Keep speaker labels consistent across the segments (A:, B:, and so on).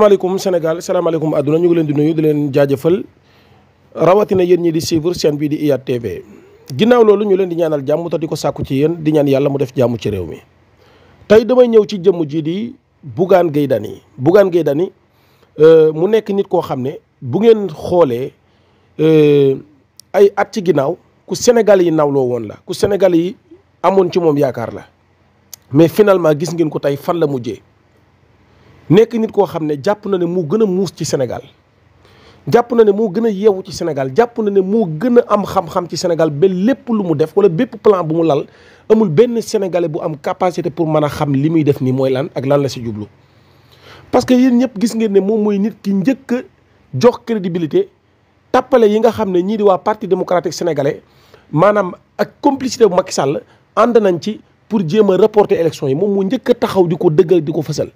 A: salaamaaleykum Sénégal salaamaaleykum àdduna ñu ngi leen di nuyu di leen jaajëfal rawatina yéen ñi di suivre seen bii di IYAT TV ginnaaw loolu ñu leen di ñaanal jàmm te di ko sàkku ci yéen di ñaan yàlla mu def jàmm ci mi. tey damay ñëw ci jëmm ji di Bougane Gueye Dany Bougane Gueye Dany euh, mu nekk nit koo xam ne bu ngeen xoolee euh, ay at ci ginnaaw ku Sénégal yi nawloo woon la ku Sénégal yi amoon ci moom yaakaar la mais finalement gis ngeen ko tey fan la mujjee. nekk nit koo xam ne jàpp na ne moo gën a muus ci Sénégal jàpp na ne moo gën a yeewu ci Sénégal jàpp na ne moo gën a am xam-xam ci Sénégal ba lépp lu mu def wala bépp plan bu mu lal amul benn sénégalais bu am capacité pour mën a xam li muy def nii mooy lan ak lan la si jublu. parce que yéen ñëpp gis ngeen ne moom mooy nit ki njëkk a jox crédibilité tappale yi nga xam ne ñii di waa parti démocratique sénégalais maanaam ak complicité bu Macky Sall ànd nañ ci pour jéem a reporter élection yi moom moo njëkk taxaw di ko dëggal di ko fësal.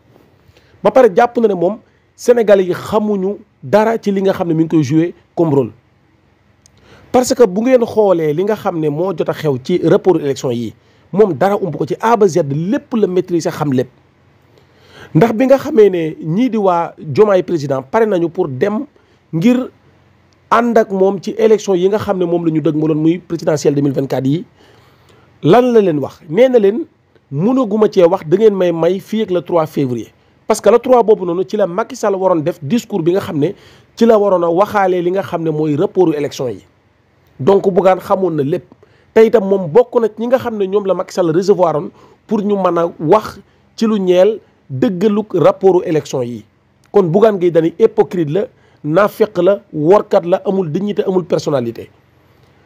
A: ba pare jàpp na ne moom sénégalais yi xamuñu dara ci li nga xam ne mi ngi koy joué comme parce que bu ngeen xoolee li nga xam ne moo jot a xew ci rapport élection yi moom dara ump ko ci A ba lépp la maîtriser xam lépp ndax bi nga xamee ne ñii di waa Jomaay président pare nañu pour dem ngir ànd ak moom ci élection yi nga xam ne moom la ñu dëgg ma loon muy présidentielle 2024 yi lan la leen wax nee na leen mënaguma cee wax da ngeen may may fi ak le trois février parce que le trois boobu noonu ci la Macky Sall waroon def discours bi nga xam ne ci la waroon a waxaalee li nga xam ne mooy rapportu élection yi donc Bougane xamoon na lépp tey tam moom bokk na ñi nga xam ne ñoom la Macky Sall recevoir oon pour ñu mën a wax ci lu ñeel dëggaluk rapportu élection yi kon Bougane Gueye Dany hypocrite la naafeq la workat la amul dignité amul personnalité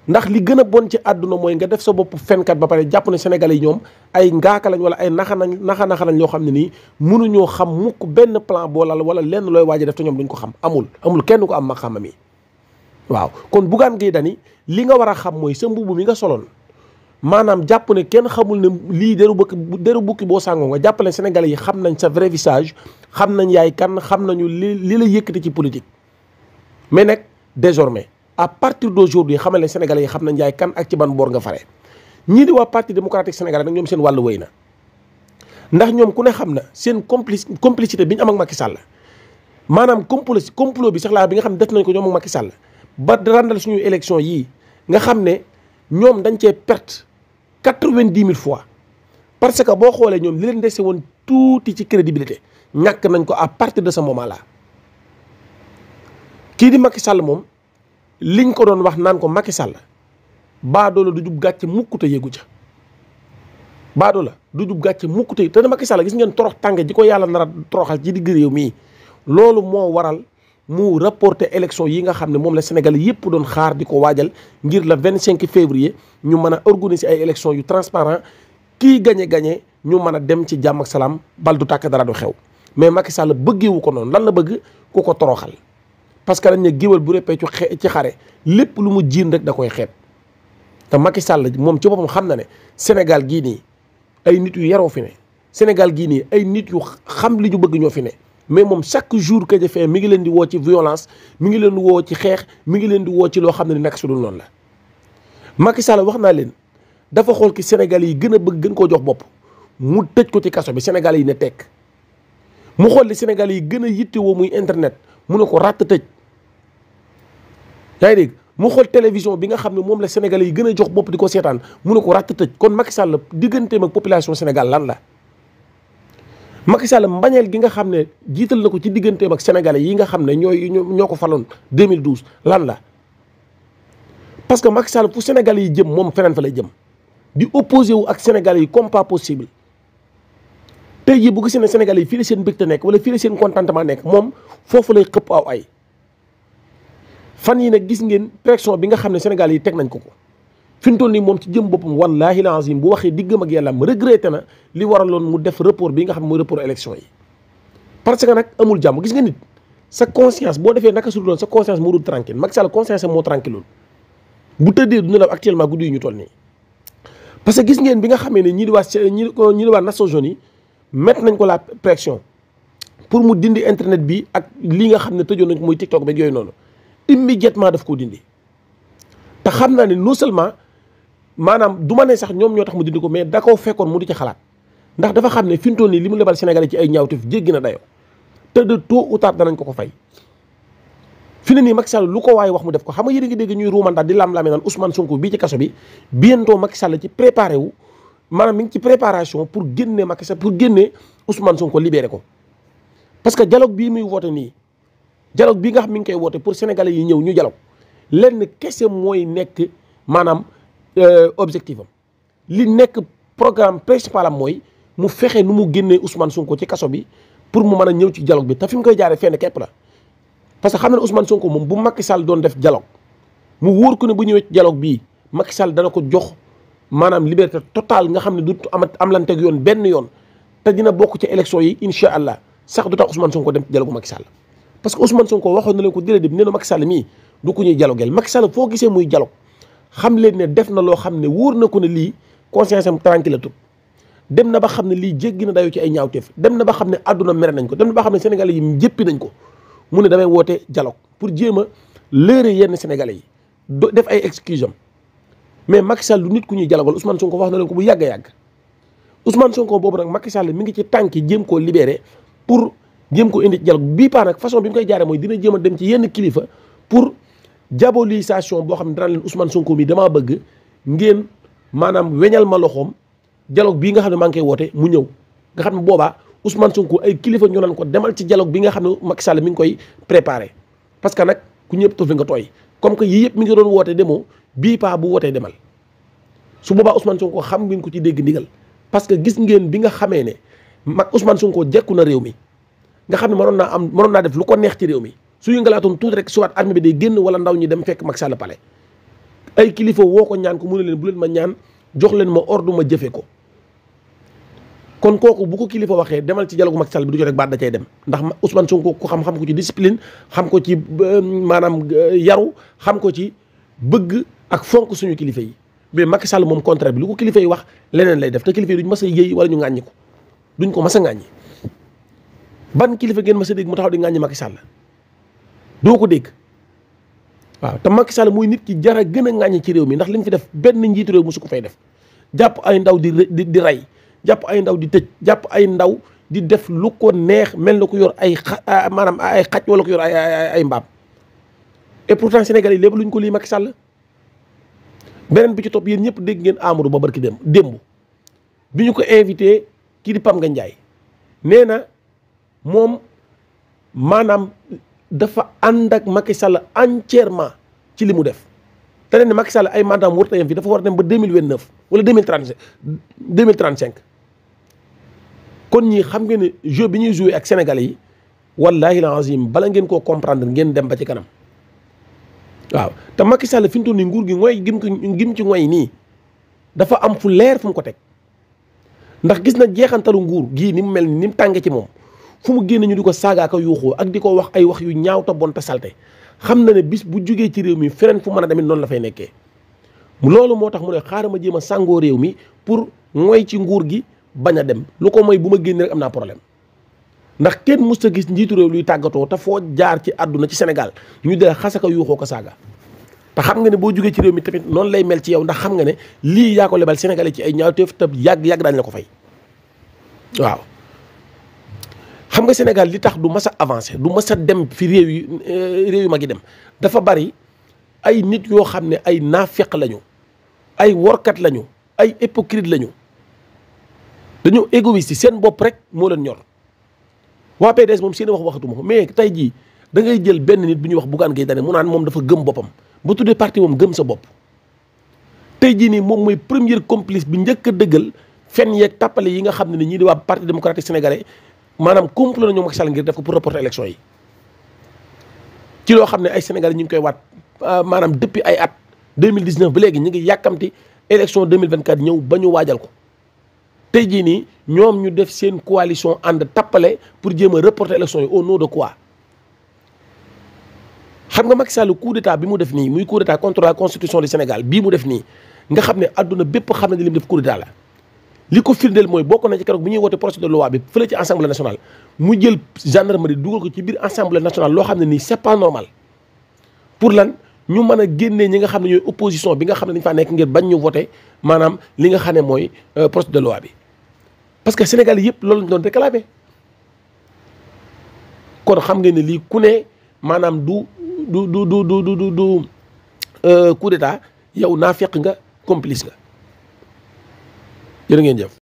A: ndax li gën a bon ci àdduna mooy nga def sa bopp fenkat ba pare jàpp ne sénégalais yi ñoom ay ngaaka lañ wala ay naxa nañ naxa lañ yoo xam ne nii mënuñoo xam mukk benn plan boo lal wala lenn looy waaja def te ñoom duñ ko xam amul amul kenn ko am ma xamam waaw kon Bougane Gueye Dany li nga war a xam mooy sa mbubb mi nga soloon maanaam jàpp ne kenn xamul ne lii deru bukki deru bukki boo sàngoo nga jàpp ne yi xam nañ sa vrai visage xam nañ yaay kan xam nañu li li la yëkkati ci politique mais nag désormais à partir d'aujourd'hui xamal ne sénégalais yi xam na yaay kan ak ci ban boor nga fare ñii di waa parti démocratique sénégalais nag ñoom seen wàllu wéy na ndax ñoom ku ne xam na seen complice complicité bi ñu am ak Macky Sall maanaam complot complot bi sax bi nga xam ne def nañ ko ñoom ak Macky Sall ba randal suñu élection nga xam ne ñoom dañ cee perte quatre-vingt-dix mille fois parce que boo xoolee ñoom li leen dese woon tuuti ci crédibilité ñàkk nañ ko à partir de ce momala kii di Macky Sall moom. liñ ko doon wax naan ko Macky Sall baadoola du jub gàcce mukk te yëgu ca baadoola du jub gàcce mukk te te Macky Sall gis ngeen torox tànge di ko yàlla nar a toroxal ci digg réew mii loolu moo waral mu reporté élection yi nga xam ne moom la Sénégal yëpp doon xaar di ko waajal ngir le 25 février ñu mën a organiser ay élection yu transparent kii gañe gañe ñu mën a dem ci jàmm salaam bal du tàkk dara du xew mais Macky bëggeewu ko noonu lan la bëgg ku ko toroxal parce que dañ ne géwal bu rëppee ci xare lépp lu mu jiin rek da koy xeet te Macky Sall moom ci boppam xam na ne Sénégal gii nii ay nit yu yaroo fi ne Sénégal gii nii ay nit yu xam li ñu bëgg ñoo fi ne mais moom chaque jour que jëfee mi ngi leen di woo ci violence mu ngi leen di woo ci xeex mi ngi leen di woo ci loo xam ne nag su dul noonu la Macky Sall wax naa leen dafa xool ki Sénégal yi gën a bëgg gën koo jox bopp mu tëj ko ci kaso bi Sénégal yi ne tekk mu xool li Sénégal yi gën a yittewoo muy internet mu ne ko ràtt yaa ngi mu xool télévision bi nga xam ne moom la sénégalais yi gën a jox bopp di ko seetaan mu ne ko ràtt tëj kon Macky Sall digganteem ak population Sénégal lan la. Macky Sall mbañeel gi nga xam ne jiital na ko ci digganteem ak sénégalais yi nga xam ne ñooy ñoo ko faloon 2012 lan la. parce que Macky Sall fu sénégalais yi jëm moom feneen fa lay jëm di opposé wu ak sénégalais yi comme pas possible. tey jii bu gisee ne sénégalais yi fii la seen mbégte nekk wala fii la seen contentement nekk moom foofu lay xëpp aw ay. fan yi nag gis ngeen pression bi nga xam ne Sénégal yi teg nañ ko ko fi mu toll nii moom ci jëm boppam wallaahi laazim bu waxee diggam ak yàlla am regretté na li waraloon mu def report bi nga xam ne mooy report élection yi. parce que nag amul jàmm gis nga nit sa conscience boo defee naka su doon sa conscience moo dul tranquille Macky Sall conscience moo tranquille bu tëddee du nelaw actuellement guddi yi ñu toll nii. parce que gis ngeen bi nga xamee ne ñii di waa ñi ñi di waa Nations Unies yi mettre nañ ko la pression pour mu dindi internet bi ak li nga xam ne tëjoon nañ ko muy TikTok beeg yooyu noonu. immédiatement daf koo dindi te xam naa ne non seulement maanaam du ma ne sax ñoom ñoo tax mu dindi ko mais da koo fekkoon mu di ci xalaat ndax dafa xam ne fi mu toll nii li mu lebal Sénégalais ci ay ñaawteef jéggi na dayoo te de tôt ou tard danañ ko ko fay. fi ne nii Macky Sall lu ko waaye wax mu def ko xam nga yéen a ngi dégg ñuy ruumandaat di lam-laamee naan Ousmane Sonko bii ci kaso bi bientôt Macky la ci préparé wu maanaam mi ngi ci préparation pour génne Macky Sall pour génne Ousmane Sonko libéré ko parce que dialogue bii muy woote nii. dialogue bi nga xam mi ngi koy woote pour sénégalais yi ñëw ñu dialogue lenn kese mooy nekk maanaam euh, objectif am li nekk programme principal am mooy mu fexe nu mu génnee Ousmane Sonko ci kaso bi pour mu mën a ñëw ci dialogue bi te fi mu koy jaaree fenn képp la. parce que xam na ne Ousmane Sonko moom bu Macky Sall doon def dialogue mu wóor ko ne bu ñëwee ci bi bii Sall dana ko jox maanaam liberté totale nga xam ne du amat amlanteeg yoon benn yoon te dina bokk ci élection yi incha allah sax du tax Ousmane Sonko dem ci dialogue Macky Sall. parce que Ousmane Sonko waxoon na leen ko déedéet nee na Macky Sall mii du ko ñuy dialogueel Macky foo gisee muy dialogue xam leen ne def na loo xam ne wóor na ko ne lii conscience am tranquille la tut dem na ba xam ne lii jéggi na dayo ci ay ñaawteef dem na ba xam ne àdduna mere nañ ko dem na ba xam ne sénégalais yi jéppi nañ ko mu ne damay woote dialogue pour jéem a léere yenn sénégalais yi def ay excuse am mais Macky Sall du nit ku ñuy dialogueel Ousmane Sonko wax na leen ko bu yàgg a yàgg Ousmane Sonko boobu nag Macky Sall mi ngi ci tànki jéem koo libéré pour jéem ko indi ci bii paa nag façon bi mu koy jaare mooy dina jéem dem ci yenn kilifa pour diabolisation boo xam ne dana leen Ousmane Sonko mi damaa bëgg ngeen maanaam weñal ma loxoom dialogue bii nga xam ne maa ngi koy woote mu ñëw nga xam ne boobaa Ousmane Sonko ay kilifa ñu naan ko demal ci dialogue bi nga xam ne Macky Sall mi ngi koy préparé parce que nag ku ñëpp tuf nga tooy comme que yii yëpp mi ngi doon woote demoo bii paa wootee demal su boobaa Ousmane Sonko xam ngeen ko ci dégg ndigal parce que gis ngeen bi nga xamee ne mag Ousmane Sonko jekku na réew mi nga xam ne mënoon naa am mënoon naa def lu ko neex ci réew mi su yëngalaatoon tuuti rek soit armée bi day génn wala ndaw ñi dem fekk Macky Sall palais ay kilifa woo ko ñaan ko mu ne leen bu leen ma ñaan jox leen ma ordre ma jëfe ko kon kooku bu ko kilifa waxee demal ci dialogue Macky Sall bi du jox rek baat da cay dem ndax Ousmane Sonko ko xam xam ko ci discipline xam ko ci euh, maanaam euh, yaru xam ko ci bëgg ak fonk suñu kilifa yi mais Macky Sall moom contraire bi lu ko kilifa y wax leneen lay def te kilifa yi mas a wala ñu ŋàññi ko duñ ko mas a ŋàññi ban kilifa ngeen ma sa dégg mu taxaw di ŋàññi Macky Sall doo ko dégg waaw te Macky Sall muy nit ki jara gën a ŋàññi ci réew mi ndax li mu fi def benn njiitu réew musu ko fay def jàpp ay ndaw di di rey jàpp ay ndaw di tëj jàpp ay ndaw di def lu ko neex mel na ko yor ay xa ah, maanaam ay xaj wala ko yor ay ay mbaam et pourtant Sénégal yi lépp luñ ko lii Macky sàll beneen bi ci topp yéen ñëpp dégg ngeen Amadou Ba barki dem démb bi ñu ko invité kii di Pam nga Ndiaye moom maanaam dafa ànd ak Macky Sall entièrement ci li mu def te ne Macky Sall ay mandaam warut a yem dafa war dem ba deux mille vingt neuf wala deux mille trente cinq deux mille kon ñii xam ngeen ne jeu bi ñuy joué ak Sénégalais yi wallahi la azim bala ngeen koo comprendre ngeen dem ba ci kanam waaw te Macky Sall fi mu toll nguur gi mooy gim gim ci mooy nii dafa am fu leer fu mu ko teg ndax gis na jeexantalu nguur gii ni mu mel ni mu tànge ci moom. fu mu génn ñu di ko saagaa ko yuuxoo ak di ko wax ay wax yu ñaaw te bon te salte xam na ne bis bu jógee ci réew mi feneen fu mën a tamit noonu la fay nekkee loolu moo tax mu ne ma jéem a sàngoo réew mi pour mooy ci nguur gi bañ a dem lu ko mooy bu ma génn rek am naa problème ndax kenn mës sa gis njiitu réew luy tàggatoo te foo jaar ci àdduna ci Sénégal ñu dee xasaka yuuxoo ko saaga te xam nga ne boo jógee ci réew mi tamit noonu lay mel ci yow ndax xam nga ne lii yaa ko lebal Sénégalais ci ay ñaawteef te yàgg yàgg daañu la ko fay xam nga Sénégal li tax du masa avancer du mas dem fi réew yi euh, réew yu mag yi dem dafa bari ay nit yoo xam ne ay naafeq lañu ay workat lañu ay hypocrite lañu dañoo égoïste seen bopp rek moo leen ñor waa PDS moom seen wax waxatuma ko mais tey jii dangay jël benn nit bu ñuy wax Bougane Gueye Dany mu naan moom dafa gëm boppam ba tuddee parti moom gëm sa bopp tey jii nii moom mooy premier complice bi njëkk a dëggal fen yeeg tàppale yi nga xam ne ni ñii di waa parti démocratique sénégalais maanaam complot na ñoom Macky Sall ngir def ko pour reporter élection yi ci loo xam ne ay Sénégalais ñu ngi koy waat euh, maanaam depuis ay at 2019 ba léegi ñu ngi yàkkamti élection 2024 ñëw ba ñu waajal ko tey jii nii ñoom ñu def seen coalition ànd tappale pour jéem a reporter élection yi au nom de quoi xam nga Macky Sall coup d'état bi mu def nii muy coup d'état contre la constitution du Sénégal bii mu def nii nga xam ne àdduna bépp xam ne li def coup d'état li ko firndeel mooy bokk na ci keroog bu ñuy woote projet de loi bi fële ci assemblée nationale mu jël ma gendarmerie dugal ko ci biir assemblée nationale loo xam ne nii c'est pas normal pour lan ñu mën a génnee ñi nga xam ne ñooy opposition bi nga xam ne dañ faa nekk ngir bañ ñu voté maanaam li nga xam ne mooy euh, projet de loi bi parce que Sénégal yëpp loolu lañ doon réclamé kon xam nga ne lii ku ne maanaam du du du du du du du euh, coup d'état yow naafeq nga complice nga jërë ngeen